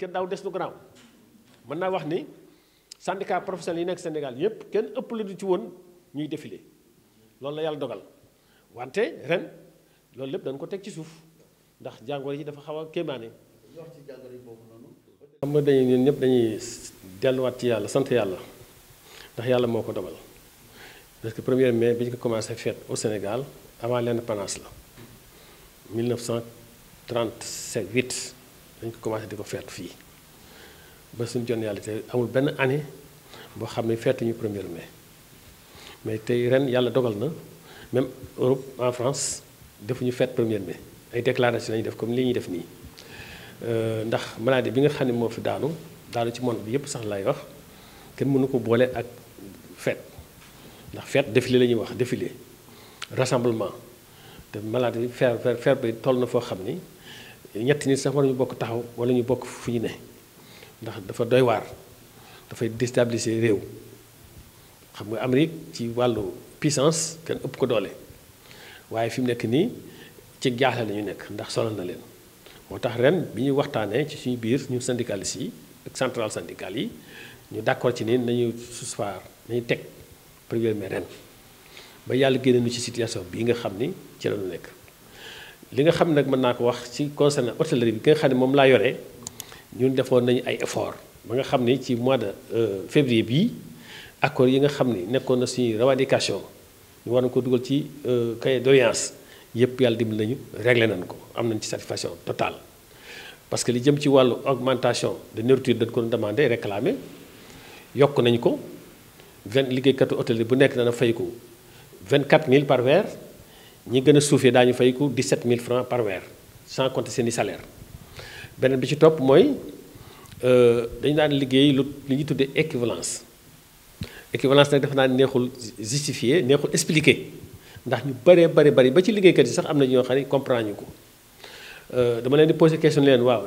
kenn daaw des lu garaaw mën naa wax ni syndicat professionnel yi nekk Sénégal yépp kenn ëpp lu ci woon ñuy défilé loolu la yàlla dogal wante ren loolu lépp dañ ko teg ci suuf ndax jàngoro yi dafa xaw a kéemaane. xam nga dañuy ñun ñëpp dañuy delluwaat ci yàlla sant yàlla ndax yàlla moo ko dogal parce que premier mai bi ñu ko commencé fête au Sénégal avant l'indépendance la 1938. dañ ko commencé di ko feetu fii ba suñu jon yàlla te amul benn année boo xam ne feetuñu premier mai mais tey ren yàlla dogal na même Europe en France defuñu feet premier mai ay déclaration lañu def comme lii ñuy def nii euh, ndax maladie bi nga xam ne moo fi daanu daanu ci monde bi yëpp sax lay wax kenn mënu ko boole ak feet ndax feet défilé la ñuy wax défilé rassemblement te maladie feer feer bi toll na foo xam ni ñetti nit sax war ñu bokk taxaw wala ñu bokk fu ñu ne ndax dafa doy waar dafay déstabiliser réew xam nga Amérique ci wàllu puissance kenn ëpp ko doole waaye fi mu nekk nii ci jaaxle la nekk ndax solal na leen moo tax ren bi ñuy waxtaanee ci suñu biir ñu syndicalistes yi ak central syndical yi ñu d'accord ci ni nañu suspendre nañu teg premier mai ren ba yàlla génne nu ci situation bii nga xam ni ci la ñu nekk. li nga xam nag mën naa ko wax ci concernant hôtellerie bi ki nga xam ne moom laa yore ñun defoon nañu ay effort ba nga xam ne ci mois de euh, février bi accord yi nga xam ne nekkoon na suñuy revendication ñu war ko dugal ci euh, cahier doléance yëpp yàlla dimbali nañu réglé nañ ko am nañ ci satisfaction totale parce que li jëm ci wàllu augmentation de nourriture dañ kon demande réclamé yokk nañ ko vingt liggéeykatu hôtellerie bu nekk dana fay ko vingt quatre mille par weer ñi gën a suufee daañu fay ku 17000 francs par weer sans compter seen i salaire beneen bi ci topp mooy euh, dañu daan liggéey lu lu ñuy tuddee équivalence équivalence nag dafa naa neexul justifier neexul expliquer ndax ñu bëree bëri bëri ba ci liggéeykat yi sax am na ñoo xam ne comprendre ñu ko euh, dama leen di poser question leen waaw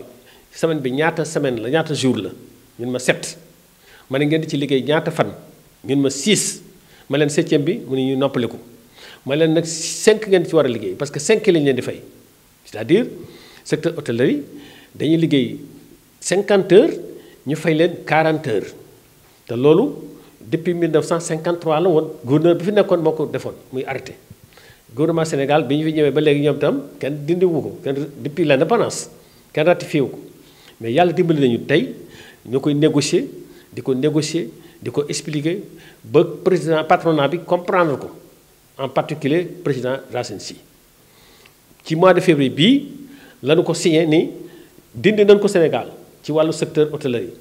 semaine bi ñaata semaine la ñaata jour la ñun ma sept ma ne ngeen di ci liggéey ñaata fan ñun ma six ma leen septième bi mu ne ñu noppaliku. ma leen nag cinq ngeen ci war a liggéey parce que cinq lañ leen di fay c'est-à-dire secteur hôtellerie dañuy liggéey cinquante heures ñu fay leen quarante heures te loolu depuis 1953 la woon gouverneur bi fi nekkoon moo ko defoon muy arrêté gouvernement Sénégal bi ñu fi ñëwee ba léegi ñoom itam kenn dindiwu ko kenn depuis l'indépendance kenn ratifié wu ko mais yàlla dimbali nañu tey ñu koy négocier di ko négocier di ko expliquer ba président patronat bi comprendre ko. en particulier président Racine Sy ci mois de février bii lañu ko signé ni dindi nañ ko Sénégal ci wàllu secteur hôtellerie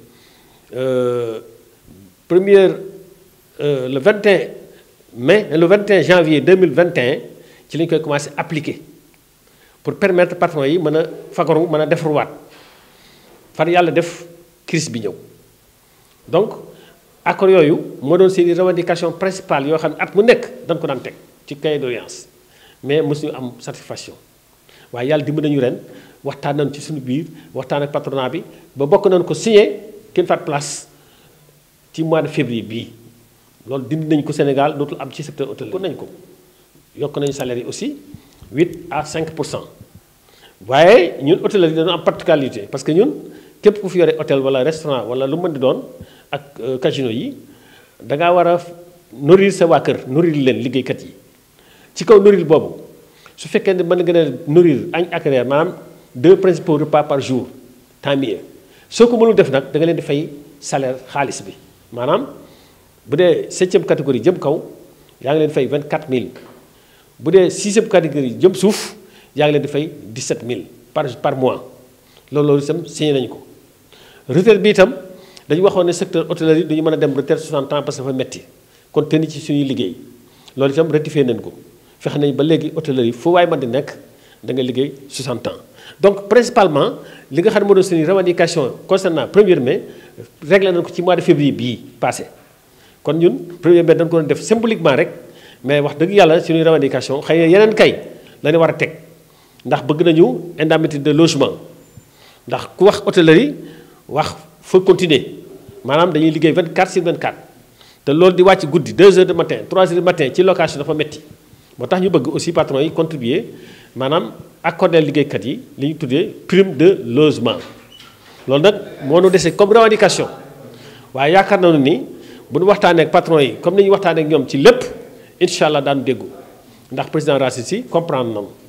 euh, première euh, le 21 mai le 21 janvier 2021 ci lañ koy commencé appliquer pour permettre patron yi mën a fagaru mën a defaruwaat far yàlla def crise bi ñëw accord yooyu moo doon seeni revendication principale yoo xam ne at mu nekk dañ ko daan teg ci cahier doléance mais mosuñu am satisfaction waaye yàlla dimb nañu ren waxtaan nañ ci suñu biir waxtaan ak patronat bi ba bokk nañ ko signé kenn fat place ci mois de février bii loolu dindi nañ ko Sénégal dootul am ci secteur hôtelier. nañ ko yokk nañu salaire yi aussi 8 à 5 pour cent waaye ñun hôteliers yi dañu am particularité parce que ñun képp ku fi yore hôtel wala restaurant wala lu mën di doon. ak euh, casino yi da ngaa war a nourrir sa waa kër nourrir leen liggéeykat yi ci kaw nourrir boobu su fekkee ne mën nga ne nourrir añ ak reer maanaam deux principaux repas par jour temps mieux soo ko mënul def nag da nga leen di fay salaire xaalis bi maanaam bu dee septième catégorie jëm kaw yaa ngi leen di fay vingt quatre mille bu dee sixième catégorie jëm suuf yaa ngi leen di fay dix sept mille par par mois loolu loolu itam signé nañ ko retraite bi itam. dañu waxoon ne secteur hôtellerie duñu mën a dem retraite 60 ans parce que dafa metti kon te ni ci suñuy liggéey loolu itam rectifié nañ ko fexe nañ ba léegi hôtellerie fu waay mën di nekk da nga liggéey 60 ans donc principalement li nga xam ne moo doon suñu revendication concernant 1er mai régle nañ ko ci mois de février bii passé kon ñun 1 mai dañ ko def symboliquement rek mais wax dëgg yàlla suñuy revendication xëy yeneen kay la war a teg ndax bëgg nañu indemnité de logement ndax ku wax hôtellerie wax foog continuer maanaam dañuy liggéey vingt 24 sur 24 te loolu di wàcc guddi 2 heures du matin 3 heures du matin ci location dafa metti moo tax ñu bëgg aussi patron yi contribuer maanaam accorder liggéeykat yi li ñu tuddee prime de logement loolu nag moo nu desee comme revendication waaye yaakaar nañu ni bu ñu waxtaanee ak patron yi comme ni ñu waxtaanee ñoom ci lépp incha allah daanu déggu ndax président Racine si comprendre nañu